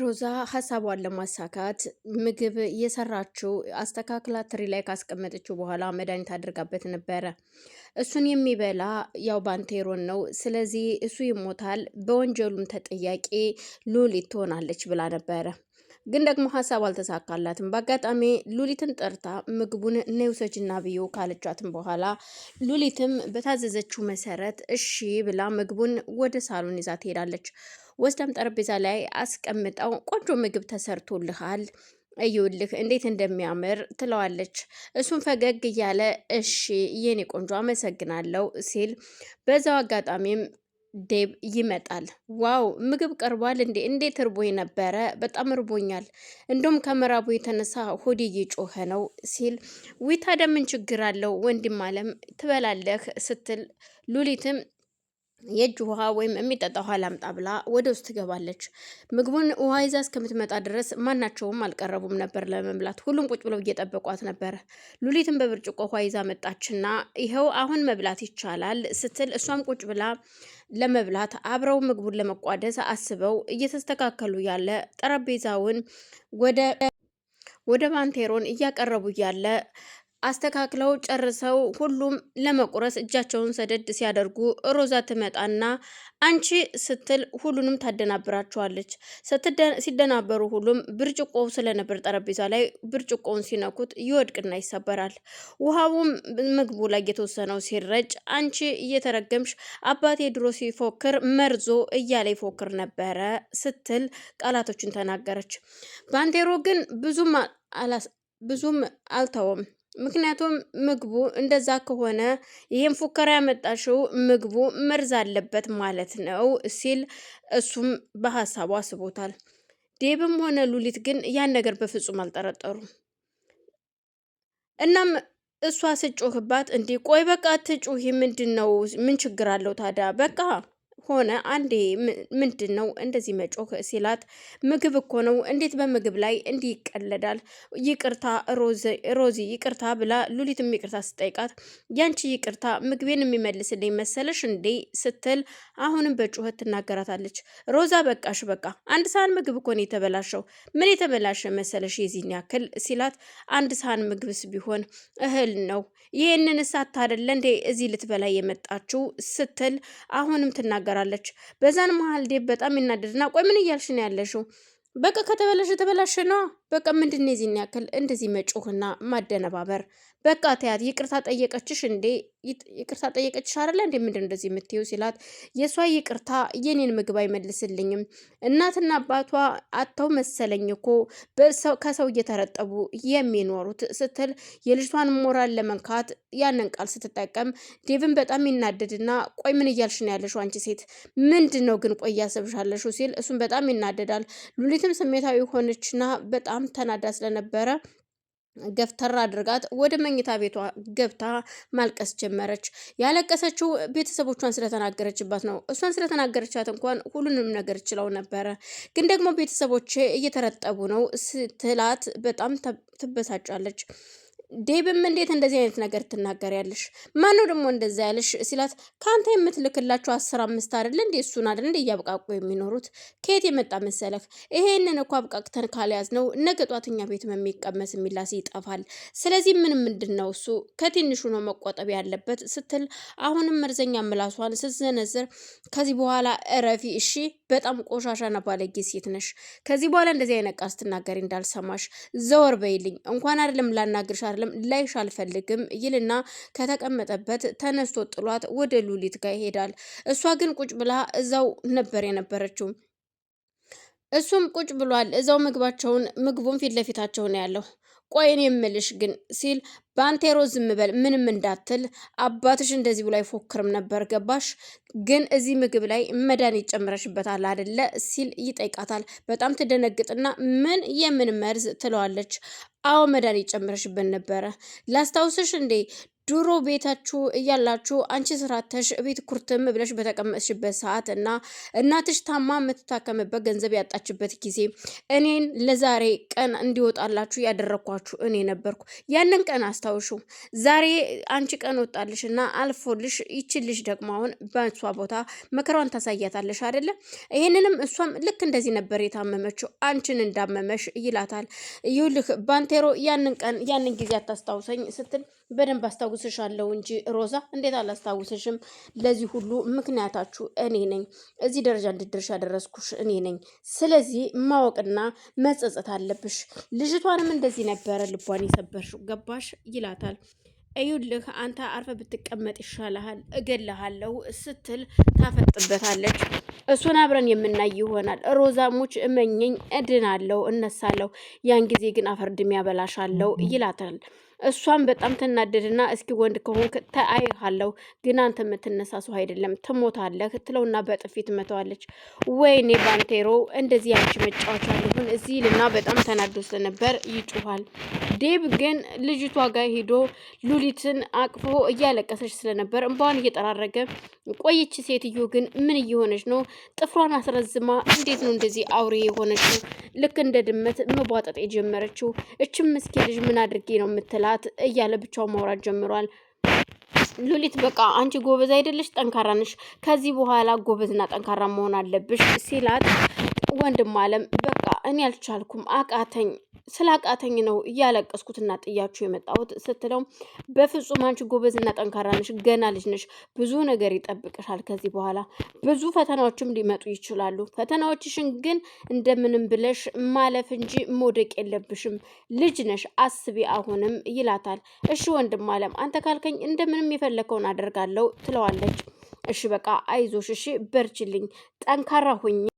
ሮዛ ሀሳቧን ለማሳካት ምግብ የሰራችው አስተካክላ ትሪ ላይ ካስቀመጠችው በኋላ መድኃኒት አድርጋበት ነበረ። እሱን የሚበላ ያው ባንቴሮን ነው። ስለዚህ እሱ ይሞታል፣ በወንጀሉም ተጠያቂ ሉሊት ትሆናለች ብላ ነበረ። ግን ደግሞ ሀሳብ አልተሳካላትም። በአጋጣሚ ሉሊትን ጠርታ ምግቡን ነውሰጅና ብዮ ካለቻትም በኋላ ሉሊትም በታዘዘችው መሰረት እሺ ብላ ምግቡን ወደ ሳሎን ይዛ ትሄዳለች። ወስዳም ጠረጴዛ ላይ አስቀምጠው ቆንጆ ምግብ ተሰርቶልሃል እዩልህ እንዴት እንደሚያምር ትለዋለች። እሱም ፈገግ እያለ እሺ የኔ ቆንጆ አመሰግናለሁ ሲል በዛው አጋጣሚም ዴብ ይመጣል። ዋው ምግብ ቀርቧል እንዴ! እንዴት እርቦኝ ነበረ፣ በጣም እርቦኛል፣ እንደውም ከምዕራቡ የተነሳ ሆዴ እየጮኸ ነው ሲል ደምን ችግር አለው ወንድም አለም ትበላለህ ስትል ሉሊትም የእጅ ውሃ ወይም የሚጠጣ ውሃ ላምጣ ብላ ወደ ውስጥ ትገባለች። ምግቡን ውሃ ይዛ እስከምትመጣ ድረስ ማናቸውም አልቀረቡም ነበር ለመብላት። ሁሉም ቁጭ ብለው እየጠበቋት ነበር። ሉሊትን በብርጭቆ ውሃ ይዛ መጣችና ይኸው አሁን መብላት ይቻላል ስትል እሷም ቁጭ ብላ ለመብላት አብረው ምግቡን ለመቋደስ አስበው እየተስተካከሉ ያለ ጠረጴዛውን ወደ ወደ ባንቴሮን እያቀረቡ ያለ አስተካክለው ጨርሰው ሁሉም ለመቁረስ እጃቸውን ሰደድ ሲያደርጉ ሮዛ ትመጣና አንቺ ስትል ሁሉንም ታደናብራቸዋለች። ሲደናበሩ ሁሉም ብርጭቆው ስለነበር ጠረጴዛ ላይ ብርጭቆውን ሲነኩት ይወድቅና ይሰበራል። ውሃውም ምግቡ ላይ የተወሰነው ሲረጭ አንቺ እየተረገምሽ አባቴ ድሮ ሲፎክር መርዞ እያለ ይፎክር ነበረ ስትል ቃላቶችን ተናገረች። ባንቴሮ ግን ብዙም አልተወም። ምክንያቱም ምግቡ እንደዛ ከሆነ ይህም ፉከራ ያመጣሽው ምግቡ መርዝ አለበት ማለት ነው ሲል እሱም በሀሳቡ አስቦታል። ዴብም ሆነ ሉሊት ግን ያን ነገር በፍጹም አልጠረጠሩም። እናም እሷ ስጮህባት እንዲህ ቆይ በቃ ትጩሂ ምንድን ነው ምን ችግር አለው ታዲያ በቃ ሆነ አንዴ ምንድን ነው እንደዚህ መጮህ ሲላት ምግብ እኮ ነው፣ እንዴት በምግብ ላይ እንዲህ ይቀለዳል? ይቅርታ ሮዚ ይቅርታ ብላ ሉሊትም ይቅርታ ስጠይቃት ያንቺ ይቅርታ ምግቤን የሚመልስልኝ መሰለሽ እንዴ ስትል አሁንም በጩኸት ትናገራታለች። ሮዛ በቃሽ፣ በቃ አንድ ሳህን ምግብ እኮ ነው የተበላሸው። ምን የተበላሸ መሰለሽ የዚህን ያክል ሲላት አንድ ሳህን ምግብስ ቢሆን እህል ነው። ይህንን እሳት አይደለ እንዴ እዚህ ልትበላይ የመጣችው ስትል አሁንም ትናገራለች። ትናገራለች። በዛን መሀል ዴብ በጣም ይናደድና ቆይ ምን እያልሽ ነው ያለሽው? በቃ ከተበላሸ ተበላሸ ነዋ በቃ ምንድን ነው የዚህን ያክል እንደዚህ መጮህና ማደነባበር? በቃ ተያት። ይቅርታ ጠየቀችሽ እንዴ? ይቅርታ ጠየቀችሽ አይደለ እንዴ? ምንድን እንደዚህ የምትይው ሲላት፣ የሷ ይቅርታ የኔን ምግብ አይመልስልኝም። እናትና አባቷ አተው መሰለኝ እኮ ከሰው እየተረጠቡ የሚኖሩት ስትል የልጅቷን ሞራል ለመንካት ያንን ቃል ስትጠቀም ዴቭን በጣም ይናደድና ቆይ ምን እያልሽ ነው ያለሽው አንቺ ሴት ምንድን ነው ግን ቆይ ያሰብሻለሹ ሲል እሱም በጣም ይናደዳል። ሉሊትም ስሜታዊ ሆነችና በጣም በጣም ተናዳ ስለነበረ ገፍተራ አድርጋት ወደ መኝታ ቤቷ ገብታ ማልቀስ ጀመረች። ያለቀሰችው ቤተሰቦቿን ስለተናገረችባት ነው። እሷን ስለተናገረቻት እንኳን ሁሉንም ነገር ችለው ነበረ፣ ግን ደግሞ ቤተሰቦቼ እየተረጠቡ ነው ስትላት በጣም ትበሳጫለች። ዴብም እንዴት እንደዚህ አይነት ነገር ትናገሪያለሽ? ማን ነው ደግሞ እንደዛ ያለሽ ሲላት ከአንተ የምትልክላቸው አስር አምስት አይደለ እንዴ? እሱን አይደል እንዴ እያብቃቁ የሚኖሩት? ከየት የመጣ መሰለህ? ይሄንን እኮ አብቃቅተን ካልያዝ ነው ነገ ጧትኛ እኛ ቤት የሚቀመስ የሚላስ ይጠፋል። ስለዚህ ምን ምንድን ነው እሱ ከትንሹ ነው መቆጠብ ያለበት ስትል አሁንም መርዘኛ ምላሷን ስትዘነዝር ከዚህ በኋላ እረፊ እሺ፣ በጣም ቆሻሻና ባለጌ ሴት ነሽ። ከዚህ በኋላ እንደዚህ አይነት ቃል ስትናገሪ እንዳልሰማሽ ዘወር በይልኝ። እንኳን አይደለም ላናግርሽ አይቻልም ላይሽ አልፈልግም ይልና ከተቀመጠበት ተነስቶ ጥሏት ወደ ሉሊት ጋር ይሄዳል። እሷ ግን ቁጭ ብላ እዛው ነበር የነበረችው። እሱም ቁጭ ብሏል እዛው ምግባቸውን ምግቡን ፊት ለፊታቸው ነው ያለው። ቆይን የምልሽ ግን ሲል ባንቴሮ ዝም በል ምንም እንዳትል አባትሽ እንደዚህ ብሎ አይፎክርም ነበር ገባሽ ግን እዚህ ምግብ ላይ መድኃኒት ጨምረሽበታል አደለ ሲል ይጠይቃታል በጣም ትደነግጥና ምን የምን መርዝ ትለዋለች አዎ መድኃኒት ጨምረሽበት ነበረ ላስታውስሽ እንዴ ድሮ ቤታችሁ እያላችሁ አንቺ ስራተሽ ቤት ኩርትም ብለሽ በተቀመጥሽበት ሰዓት እና እናትሽ ታማ የምትታከምበት ገንዘብ ያጣችበት ጊዜ እኔን ለዛሬ ቀን እንዲወጣላችሁ ያደረግኳችሁ እኔ ነበርኩ። ያንን ቀን አስታውሹ። ዛሬ አንቺ ቀን ወጣልሽ እና አልፎልሽ ይችልሽ ደግሞ አሁን በእሷ ቦታ መከራዋን ታሳያታለሽ አይደለ? ይሄንንም እሷም ልክ እንደዚህ ነበር የታመመችው አንቺን እንዳመመሽ ይላታል። ይሁልህ ባንቴሮ ያንን ቀን ያንን ጊዜ አታስታውሰኝ ስትል በደንብ አስታውሰ አስታውስሻለሁ እንጂ ሮዛ እንዴት አላስታውስሽም? ለዚህ ሁሉ ምክንያታችሁ እኔ ነኝ። እዚህ ደረጃ እንድትደርሽ ያደረስኩሽ እኔ ነኝ። ስለዚህ ማወቅና መጸጸት አለብሽ። ልጅቷንም እንደዚህ ነበረ ልቧን የሰበርሽው ገባሽ? ይላታል። እዩልህ አንተ አርፈ ብትቀመጥ ይሻልሃል፣ እገልሃለሁ ስትል ታፈጥበታለች። እሱን አብረን የምናይ ይሆናል። ሮዛሙች እመኘኝ፣ እድናለሁ፣ እነሳለሁ። ያን ጊዜ ግን አፈር ድሜ ያበላሻለሁ ይላታል። እሷም በጣም ትናደድና እስኪ ወንድ ከሆንክ ተአይሃለሁ፣ ግን አንተ የምትነሳ ሰው አይደለም ትሞታለህ ትለውና በጥፊ ትመታዋለች። ወይኔ ባንቴሮ እንደዚህ ያንቺ መጫወቻ ሊሆን እዚህ ልና በጣም ተናዶ ስለነበር ይጮኋል። ዴብ ግን ልጅቷ ጋር ሄዶ ሉሊትን አቅፎ እያለቀሰች ስለነበር እንባዋን እየጠራረገ ቆየች። ሴትዮ ግን ምን እየሆነች ነው? ጥፍሯን አስረዝማ እንዴት ነው እንደዚህ አውሬ የሆነችው? ልክ እንደ ድመት መቧጠጥ የጀመረችው እችም ምስኪን ልጅ ምን አድርጌ ነው የምትላት እያለ ብቻው ማውራት ጀምሯል። ሉሊት በቃ አንቺ ጎበዝ አይደለሽ፣ ጠንካራ ነሽ። ከዚህ በኋላ ጎበዝና ጠንካራ መሆን አለብሽ ሲላት ወንድም አለም በቃ እኔ አልቻልኩም፣ አቃተኝ ስላቃተኝ ነው እያለቀስኩትና ጥያችሁ የመጣሁት ስትለው፣ በፍጹም አንቺ ጎበዝና ጠንካራ ነሽ፣ ገና ልጅ ነሽ፣ ብዙ ነገር ይጠብቅሻል። ከዚህ በኋላ ብዙ ፈተናዎችም ሊመጡ ይችላሉ። ፈተናዎችሽን ግን እንደምንም ብለሽ ማለፍ እንጂ መውደቅ የለብሽም። ልጅ ነሽ፣ አስቢ አሁንም ይላታል። እሺ ወንድም አለም አንተ ካልከኝ እንደምንም የፈለከውን አደርጋለሁ ትለዋለች። እሺ በቃ አይዞሽ፣ እሺ በርችልኝ፣ ጠንካራ ሁኝ